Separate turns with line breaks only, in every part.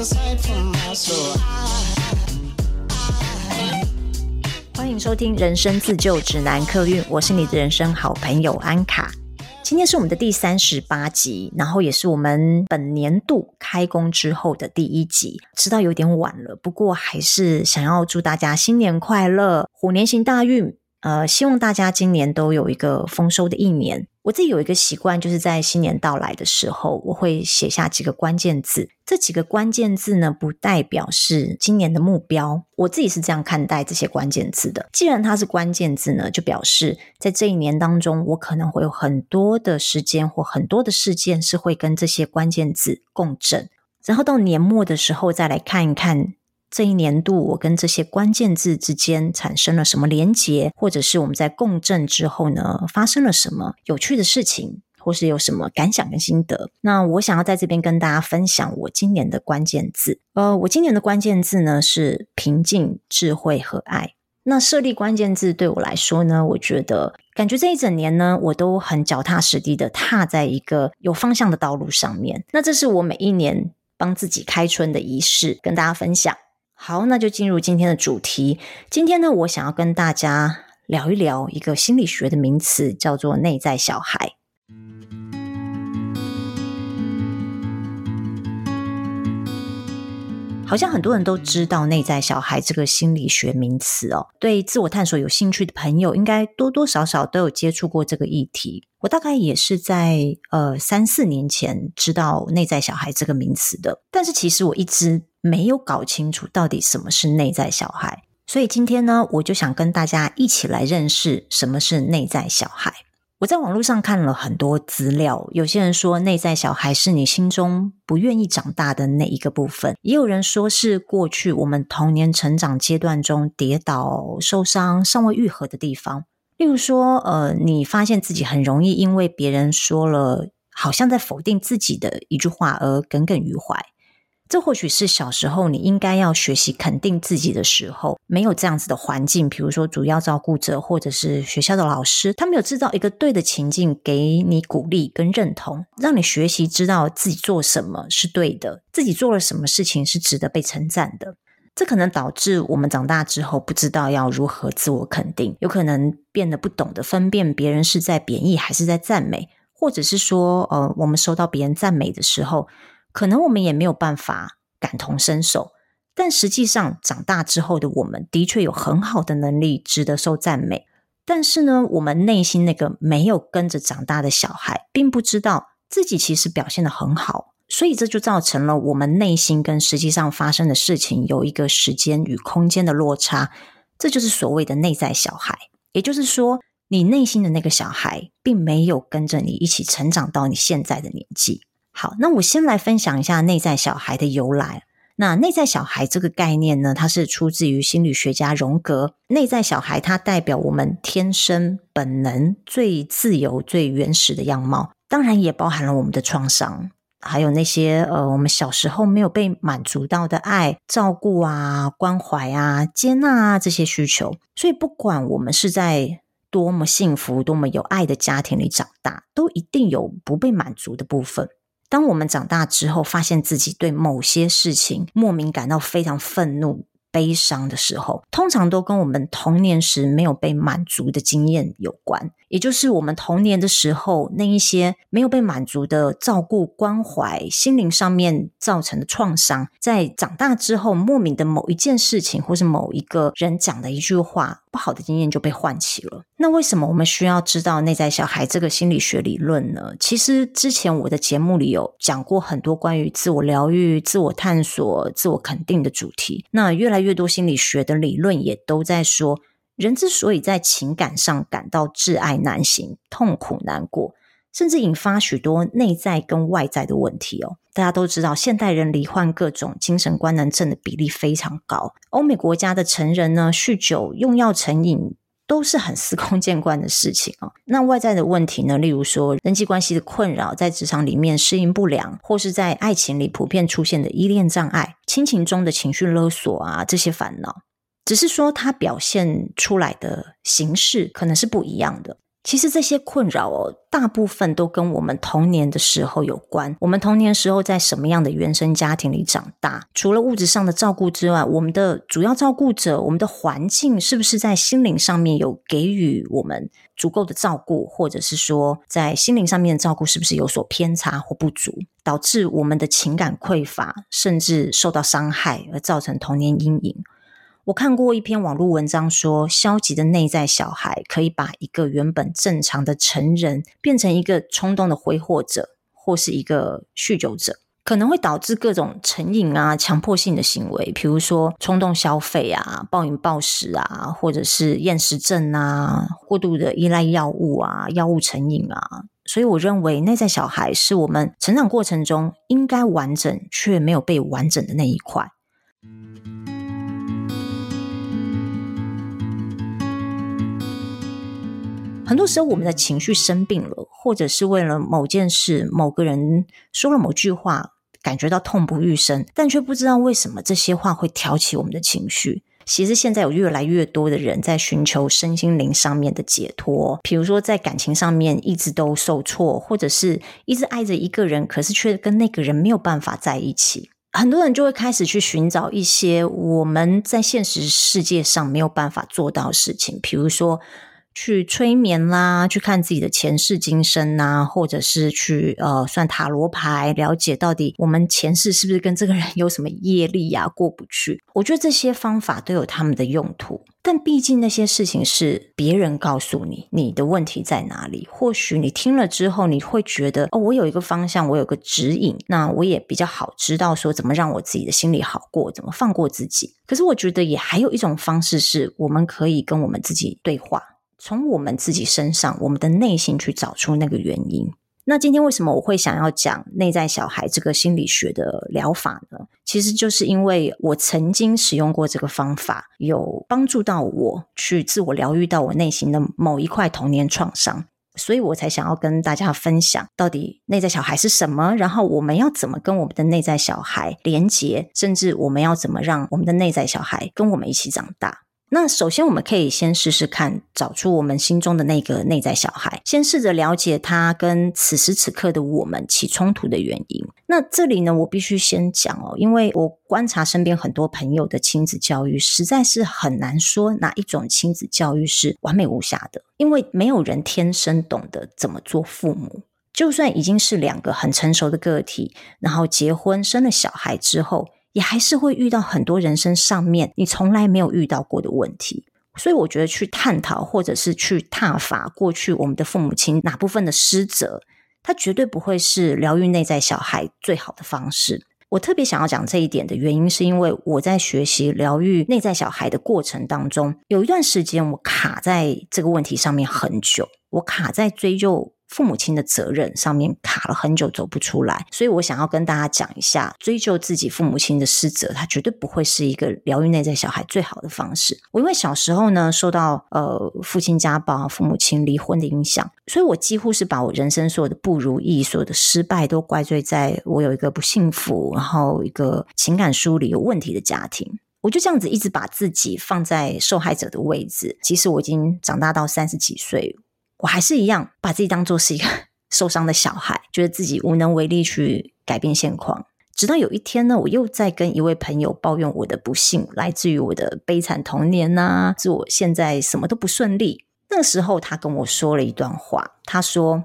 歡迎收聽《人生自救指南》客運，我是你的人生好朋友安卡。今天是我們的第三十八集，然後也是我們本年度開工之後的第一集，知道有點晚了，不過還是想要祝大家新年快樂，虎年行大運。呃，希望大家今年都有一個豐收的一年。我自己有一個習慣，就是在新年到來的時候，我會寫下幾個關鍵字。這幾個關鍵字呢，不代表是今年的目標。我自己是這樣看待這些關鍵字的。既然它是關鍵字呢，就表示在這一年當中，我可能會有很多的時間或很多的事件是會跟這些關鍵字共振。然後到年末的時候，再來看一看。這一年度我跟這些關鍵字之間產生了什麼連結，或者是我們在共振之後呢，發生了什麼有趣的事情，或是有什麼感想跟心得？那我想要在這邊跟大家分享我今年的關鍵字。呃，我今年的關鍵字呢是平靜、智慧和愛。那設立關鍵字對我來說呢，我覺得感覺這一整年呢，我都很腳踏實地地踏在一個有方向的道路上面。那這是我每一年幫自己開春的儀式，跟大家分享。好，那就進入今天的主題。今天呢，我想要跟大家聊一聊一個心理學的名詞，叫做“內在小孩”。好像很多人都知道“內在小孩”這個心理學名詞哦，對自我探索有興趣的朋友，應該多多少少都有接觸過這個議題。我大概也是在呃三四年前知道“內在小孩”這個名詞的，但是其實我一直沒有搞清楚到底什麼是內在小孩，所以今天呢，我就想跟大家一起來認識什麼是內在小孩。我在網路上看了很多資料，有些人說內在小孩是你心中不願意長大的那一個部分，也有人說是過去我們童年成長階段中跌倒受傷尚未癒合的地方。例如說，呃，你發現自己很容易因為別人說了好像在否定自己的一句話而耿耿於懷。這或許是小時候你應該要學習肯定自己的時候，沒有這樣子的環境，比如說主要照顧者或者是學校的老師，他沒有制造一個對的情境給你鼓勵跟認同，讓你學習知道自己做什麼是對的，自己做了什麼事情是值得被稱讚的。這可能導致我們長大之後不知道要如何自我肯定，有可能變得不懂得分辨別人是在貶義還是在讚美，或者是說，呃，我們收到別人讚美的時候。可能我們也沒有辦法感同身受，但實際上長大之後的我們的確有很好的能力，值得受讚美。但是呢，我們內心那個沒有跟着長大的小孩，並不知道自己其實表現得很好，所以這就造成了我們內心跟實際上發生的事情有一個時間與空間的落差。這就是所謂的內在小孩，也就是說，你內心的那個小孩並沒有跟着你一起成長到你現在的年紀。好，那我先來分享一下內在小孩的由來。那內在小孩這個概念呢，它是出自於心理學家榮格。內在小孩它代表我們天生本能最自由、最原始的樣貌，當然也包含了我們的創傷，還有那些呃我們小時候沒有被滿足到的愛、照顧啊、關懷啊、接納啊這些需求。所以，不管我們是在多麼幸福、多麼有愛的家庭裡長大，都一定有不被滿足的部分。當我們長大之後，發現自己對某些事情莫名感到非常憤怒、悲傷的時候，通常都跟我們童年時沒有被滿足的經驗有關。也就是我們童年的時候，那一些沒有被滿足的照顧、關懷，心靈上面造成的創傷，在長大之後，莫名的某一件事情，或是某一個人講的一句話，不好的經驗就被喚起了。那為什麼我們需要知道內在小孩這個心理學理論呢？其實之前我的節目裡有講過很多關於自我療癒、自我探索、自我肯定的主題。那越來越多心理學的理論也都在說，人之所以在情感上感到窒礙難行、痛苦難過，甚至引發許多內在跟外在的問題哦。大家都知道，現代人罹患各種精神官能症的比例非常高。歐美國家的成人呢，酗酒、用藥成癮都是很司空見慣的事情哦。那外在的問題呢，例如說人際關係的困擾，在職場裡面適應不良，或是在愛情裡普遍出現的依戀障礙、親情中的情緒勒索啊，這些煩惱。只是說，它表現出來的形式可能是不一樣的。其實這些困擾哦，大部分都跟我們童年的時候有關。我們童年的時候在什麼樣的原生家庭裡長大？除了物質上的照顧之外，我們的主要照顧者，我們的環境是不是在心靈上面有給予我們足夠的照顧，或者是說，在心靈上面的照顧是不是有所偏差或不足，導致我們的情感匱乏，甚至受到傷害而造成童年陰影？我看過一篇網絡文章說，說消極的內在小孩可以把一個原本正常的成人變成一個衝動的揮霍者，或是一個酗酒者，可能會導致各種成癮啊、強迫性的行為，比如說衝動消費啊、暴飲暴食啊，或者是厭食症啊、過度的依賴藥物啊、藥物成癮啊。所以，我認為內在小孩是我們成長過程中應該完整卻沒有被完整的那一塊。很多時候，我們的情緒生病了，或者是為了某件事，某個人說了某句話，感覺到痛不欲生，但卻不知道為什麼這些話會挑起我們的情緒。其實，現在有越來越多的人在尋求身心靈上面的解脫，比如說在感情上面一直都受挫，或者是一直愛着一個人，可是卻跟那個人沒有辦法在一起。很多人就會開始去尋找一些我們在現實世界上沒有辦法做到的事情，比如說，去催眠啦，去看自己的前世今生吶、啊，或者是去呃算塔羅牌，了解到底我們前世是不是跟這個人有什麼業力呀、啊、過不去。我覺得這些方法都有他們的用途，但畢竟那些事情是別人告訴你，你的問題在哪裡。或許你聽了之後，你會覺得哦，我有一個方向，我有個指引，那我也比較好知道說怎麼讓我自己的心裡好過，怎麼放過自己。可是我覺得也還有一種方式，是我們可以跟我們自己對話。從我們自己身上，我們的內心去找出那個原因。那今天為什麼我會想要講內在小孩這個心理學的療法呢？其實就是因為我曾經使用過這個方法，有幫助到我去自我療癒到我內心的某一塊童年創傷，所以我才想要跟大家分享到底內在小孩是什麼，然後我們要怎麼跟我們的內在小孩連結，甚至我們要怎麼讓我們的內在小孩跟我們一起長大。那首先，我們可以先試試看，找出我們心中的那個內在小孩，先試着了解他跟此時此刻的我們起衝突的原因。那這裡呢，我必須先講哦，因為我觀察身邊很多朋友的親子教育，實在是很難說哪一種親子教育是完美無瑕的，因為沒有人天生懂得怎麼做父母。就算已經是兩個很成熟的個體，然後結婚生了小孩之後，也還是會遇到很多人生上面你從來沒有遇到過的問題，所以我覺得去探討或者是去撻伐過去我們的父母親哪部分的失責，它絕對不會是療癒內在小孩最好的方式。我特別想要講這一點的原因，是因為我在學習療癒內在小孩的過程當中，有一段時間我卡在這個問題上面很久，我卡在追究。父母親的責任上面卡了很久，走不出來。所以我想要跟大家講一下，追究自己父母親的失責，它絕對不會是一個療癒內在小孩最好的方式。我因為小時候呢，受到呃父親家暴、父母親離婚的影響，所以我幾乎是把我人生所有的不如意、所有的失敗，都怪罪在我有一個不幸福、然後一個情感梳理有問題的家庭。我就這樣子一直把自己放在受害者的位置。即使我已經長大到三十幾歲。我還是一樣把自己當做是一個受傷的小孩，覺得自己無能為力去改變現況。直到有一天呢，我又在跟一位朋友抱怨我的不幸，來自於我的悲慘童年啊，自我現在什麼都不順利。那時候，他跟我說了一段話，他說：“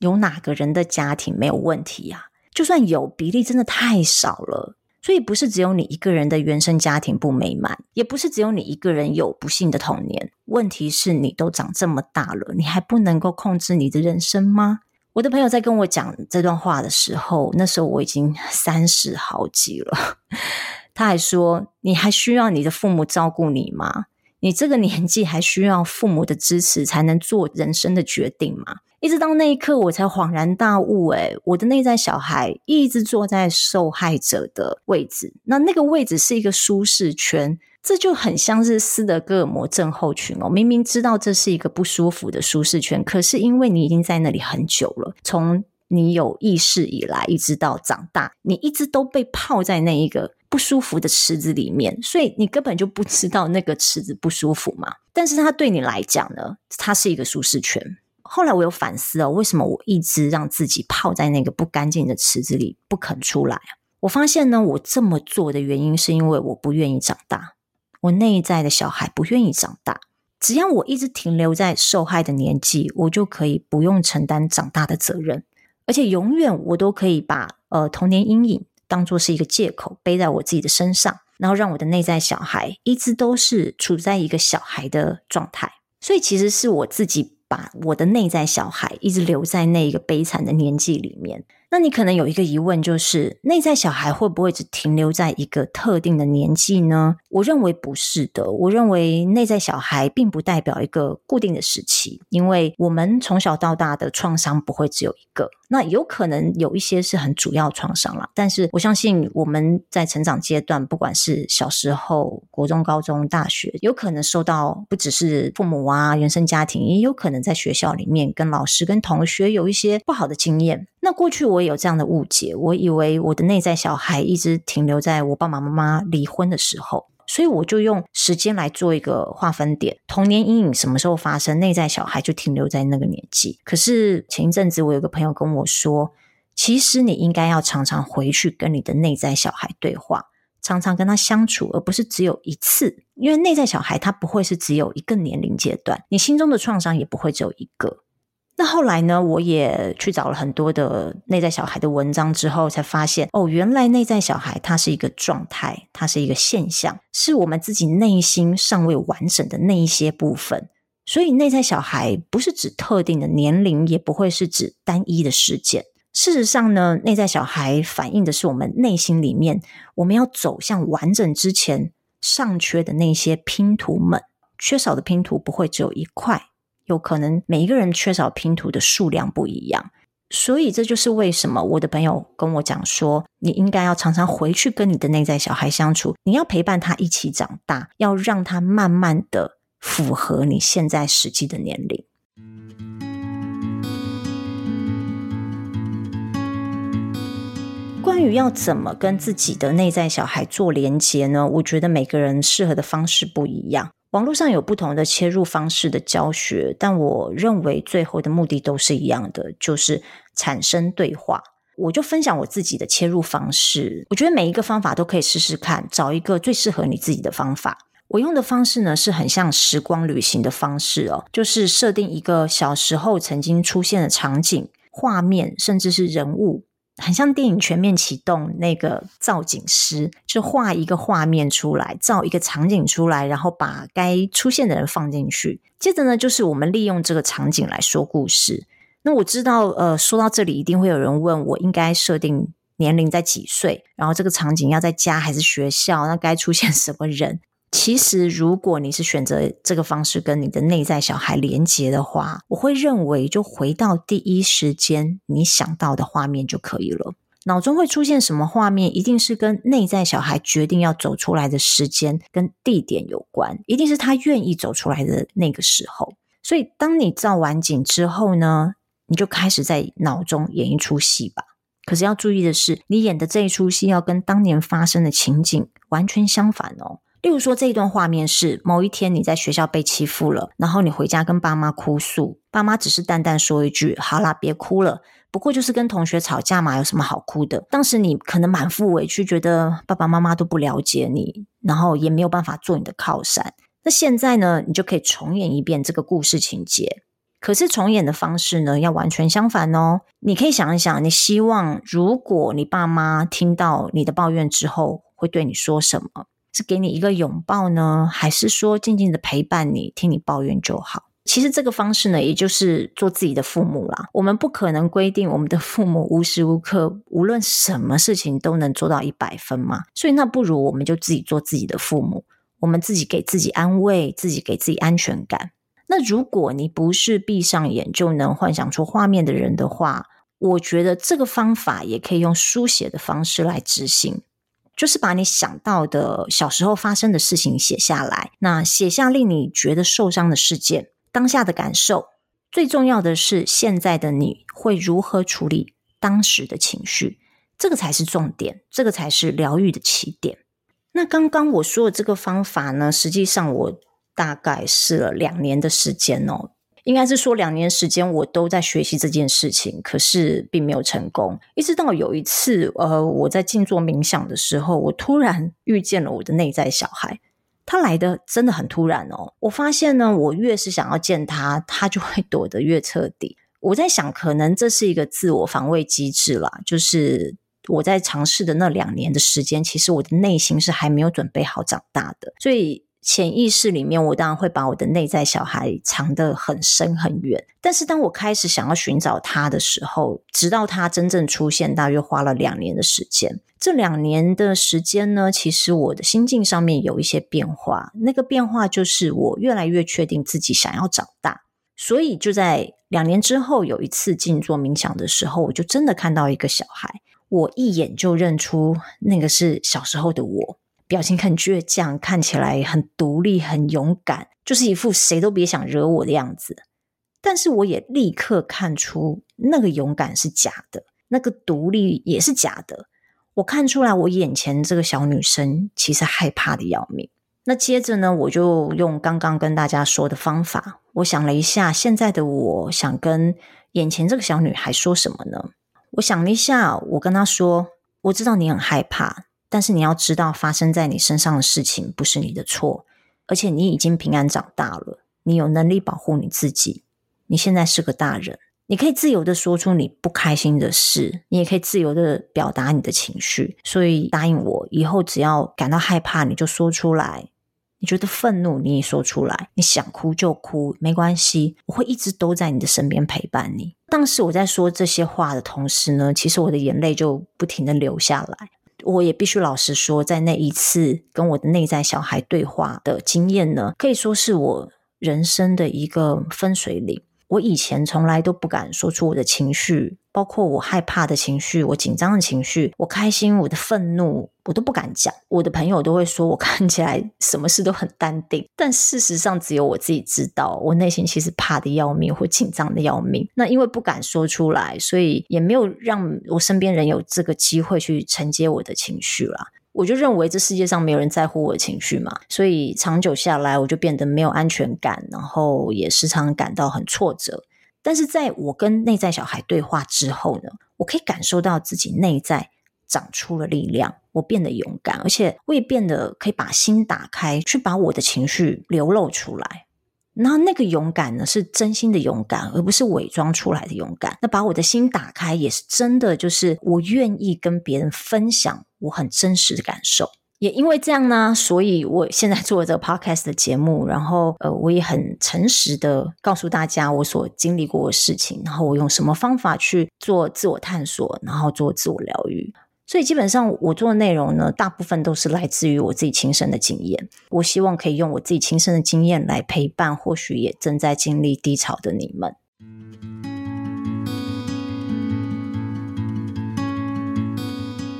有哪個人的家庭沒有問題呀、啊？就算有，比例真的太少了。”所以不是只有你一個人的原生家庭不美滿，也不是只有你一個人有不幸的童年。問題是你都長這麼大了，你還不能夠控制你的人生嗎？我的朋友在跟我講這段話的時候，那時候我已經三十好幾了。他還說：“你還需要你的父母照顧你嗎？你這個年紀還需要父母的支持才能做人生的決定嗎？”一直到那一刻，我才恍然大悟。欸，我的內在小孩一直坐在受害者的位置，那那個位置是一個舒適圈，這就很像是斯德哥爾摩症候群哦。明明知道這是一個不舒服的舒適圈，可是因為你已經在那裡很久了，從你有意識以來，一直到長大，你一直都被泡在那一個不舒服的池子裡面，所以你根本就不知道那個池子不舒服嘛。但是它對你來講呢，它是一個舒適圈。後來我有反思哦，為什麼我一直讓自己泡在那個不乾淨的池子裡不肯出來啊？我發現呢，我這麼做的原因是因為我不願意長大，我內在的小孩不願意長大。只要我一直停留在受害的年紀，我就可以不用承擔長大的責任，而且永遠我都可以把呃童年陰影當作是一個借口背在我自己的身上，然後讓我的內在小孩一直都是處在一個小孩的狀態。所以其實是我自己。把我的內在小孩一直留在那個悲慘的年紀裡面。那你可能有一個疑問，就是內在小孩會不會只停留在一個特定的年紀呢？我認為不是的。我認為內在小孩並不代表一個固定的時期，因為我們從小到大的創傷不會只有一個。那有可能有一些是很主要創傷啦，但是我相信我們在成長階段，不管是小時候、國中、高中、大學，有可能受到不只是父母啊、原生家庭，也有可能在學校裡面跟老師、跟同學有一些不好的經驗。那過去我也有這樣的誤解，我以為我的內在小孩一直停留在我爸爸媽媽離婚的時候，所以我就用時間來做一個劃分點，童年陰影什麼時候發生，內在小孩就停留在那個年紀。可是前一陣子我有個朋友跟我說，其實你應該要常常回去跟你的內在小孩對話，常常跟他相處，而不是只有一次，因為內在小孩他不會是只有一個年齡階段，你心中的創傷也不會只有一個。那後來呢，我也去找了很多的內在小孩的文章之後，才發現哦，原來內在小孩它是一個狀態，它是一個現象，是我們自己內心尚未完整的那一些部分。所以，內在小孩不是指特定的年齡，也不會是指單一的事件。事實上呢，內在小孩反映的是我們內心裡面，我們要走向完整之前尚缺的那些拼圖們，缺少的拼圖不會只有一塊。有可能每一個人缺少拼圖的數量不一樣，所以這就是為什麼我的朋友跟我講說，你應該要常常回去跟你的內在小孩相處，你要陪伴他一起長大，要讓他慢慢的符合你現在實際的年齡。關於要怎麼跟自己的內在小孩做連結呢？我覺得每個人適合的方式不一樣。網絡上有不同的切入方式的教學，但我認為最後的目的都是一樣的，就是產生對話。我就分享我自己的切入方式，我覺得每一個方法都可以試試看，找一個最適合你自己的方法。我用的方式呢，是很像時光旅行的方式哦，就是設定一個小時候曾經出現的場景、畫面，甚至是人物。很像電影全面啟動，那個造景師就畫一個畫面出來，造一個場景出來，然後把該出現的人放進去。接着呢，就是我們利用這個場景來說故事。那我知道，呃，說到這裡一定會有人問我，應該設定年齡在幾歲，然後這個場景要在家還是學校，那該出現什麼人？其實，如果你是選擇這個方式跟你的內在小孩連結的話，我會認為就回到第一時間你想到的畫面就可以了。腦中會出現什麼畫面，一定是跟內在小孩決定要走出來的時間跟地點有關，一定是他願意走出來的那個時候。所以，當你造完景之後呢，你就開始在腦中演一出戲吧。可是要注意的是，你演的這一出戲要跟當年發生的情景完全相反哦。例如說，這一段畫面是某一天你在學校被欺負了，然後你回家跟爸媽哭訴，爸媽只是淡淡說一句：“好啦，別哭了。”不過就是跟同學吵架嘛，有什麼好哭的？當時你可能滿腹委屈，覺得爸爸媽媽都不了解你，然後也沒有辦法做你的靠山。那現在呢，你就可以重演一遍這個故事情節，可是重演的方式呢，要完全相反哦。你可以想一想，你希望如果你爸媽聽到你的抱怨之後，會對你說什麼？是給你一個擁抱呢，還是說靜靜的陪伴你，聽你抱怨就好？其實這個方式呢，也就是做自己的父母啦。我們不可能規定我們的父母無時無刻，無論什麼事情都能做到一百分嘛。所以那不如我們就自己做自己的父母，我們自己給自己安慰，自己給自己安全感。那如果你不是閉上眼就能幻想出畫面的人的話，我覺得這個方法也可以用書寫的方式來執行。就是把你想到的小時候發生的事情寫下來，那寫下令你覺得受傷的事件，當下的感受，最重要的是現在的你會如何處理當時的情緒，這個才是重點，這個才是療癒的起點。那剛剛我說的這個方法呢，實際上我大概試了兩年的時間哦。應該是說，兩年時間我都在學習這件事情，可是並沒有成功。一直到有一次，呃，我在靜坐冥想的時候，我突然遇見了我的內在小孩，他來的真的很突然哦。我發現呢，我越是想要見他，他就會躲得越徹底。我在想，可能這是一個自我防衛機制啦。就是我在嘗試的那兩年的時間，其實我的內心是還沒有準備好長大的，所以。潛意識裡面，我當然會把我的內在小孩藏得很深很遠。但是，當我開始想要尋找他的時候，直到他真正出現，大約花了兩年的時間。這兩年的時間呢，其實我的心境上面有一些變化。那個變化就是我越來越確定自己想要長大。所以，就在兩年之後，有一次靜坐冥想的時候，我就真的看到一個小孩，我一眼就認出那個是小時候的我。表情很倔強，看起來很獨立、很勇敢，就是一副誰都別想惹我的樣子。但是，我也立刻看出那個勇敢是假的，那個獨立也是假的。我看出來，我眼前這個小女生其實害怕得要命。那接着呢，我就用剛剛跟大家說的方法，我想了一下，現在的我想跟眼前這個小女孩說什麼呢？我想了一下，我跟她說：“我知道你很害怕。”但是你要知道，發生在你身上的事情不是你的錯，而且你已經平安長大了，你有能力保護你自己。你現在是個大人，你可以自由的說出你不開心的事，你也可以自由的表達你的情緒。所以答應我，以後只要感到害怕，你就說出來；你覺得憤怒，你也說出來；你想哭就哭，沒關係，我會一直都在你的身邊陪伴你。當時我在說這些話的同時呢，其實我的眼淚就不停的流下來。我也必須老實說，在那一次跟我的內在小孩對話的經驗呢，可以說是我人生的一個分水嶺。我以前從來都不敢說出我的情緒。包括我害怕的情緒，我緊張的情緒，我開心，我的憤怒，我都不敢講。我的朋友都會說我看起來什麼事都很淡定，但事實上只有我自己知道，我內心其實怕得要命，或緊張得要命。那因為不敢說出來，所以也沒有讓我身邊人有這個機會去承接我的情緒啦、啊。我就認為這世界上沒有人在乎我的情緒嘛，所以長久下來，我就變得沒有安全感，然後也時常感到很挫折。但是在我跟內在小孩對話之後呢，我可以感受到自己內在長出了力量，我變得勇敢，而且我也變得可以把心打開，去把我的情緒流露出來。那那個勇敢呢，是真心的勇敢，而不是偽裝出來的勇敢。那把我的心打開，也是真的，就是我願意跟別人分享我很真實的感受。也因為這樣呢，所以我現在做了這個 podcast 的節目，然後呃，我也很誠實的告訴大家我所經歷過的事情，然後我用什麼方法去做自我探索，然後做自我療癒。所以基本上我做的內容呢，大部分都是來自於我自己親身的經驗。我希望可以用我自己親身的經驗來陪伴，或許也正在經歷低潮的你們。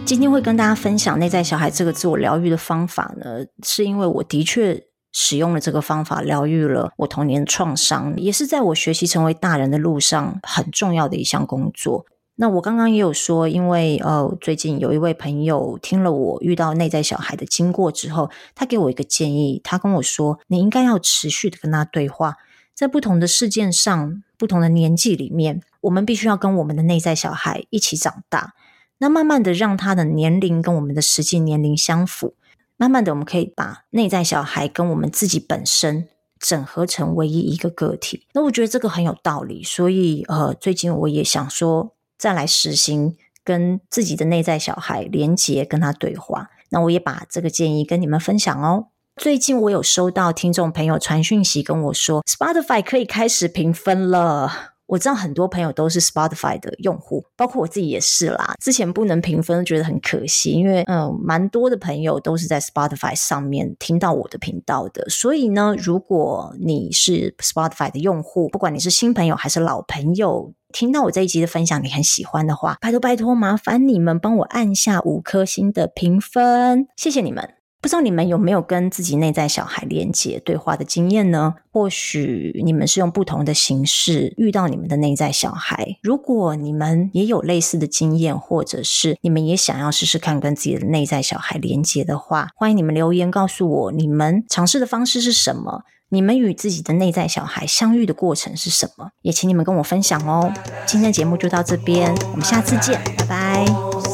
今天會跟大家分享內在小孩這個自我療癒的方法呢，是因為我的確使用了這個方法療癒了我童年創傷，也是在我學習成為大人的路上很重要的一項工作。那我剛剛也有說，因為呃、哦、最近有一位朋友聽了我遇到內在小孩的經過之後，他給我一個建議，他跟我說，你應該要持續的跟他對話，在不同的事件上、不同的年紀裡面，我們必須要跟我們的內在小孩一起長大。那慢慢的讓他的年齡跟我們的實際年齡相符，慢慢的我們可以把內在小孩跟我們自己本身整合成唯一一個個體。那我覺得這個很有道理，所以呃，最近我也想說再來實行跟自己的內在小孩連結，跟他對話。那我也把這個建議跟你們分享哦。最近我有收到聽眾朋友傳訊息跟我說，Spotify 可以開始評分了。我知道很多朋友都是 Spotify 的用戶，包括我自己也是啦。之前不能評分覺得很可惜，因為嗯、呃，蠻多的朋友都是在 Spotify 上面聽到我的頻道的。所以呢，如果你是 Spotify 的用戶，不管你是新朋友還是老朋友，聽到我這一集的分享你很喜歡的話，拜托拜托，麻煩你們幫我按下五顆星的評分，謝謝你們。不知道你們有沒有跟自己內在小孩連接對話的經驗呢？或許你們是用不同的形式遇到你們的內在小孩。如果你們也有類似的經驗，或者是你們也想要試試看跟自己的內在小孩連接的話，歡迎你們留言告訴我你們嘗試的方式是什麼，你們與自己的內在小孩相遇的過程是什麼，也請你們跟我分享哦。今天的節目就到這邊，我們下次見，拜拜。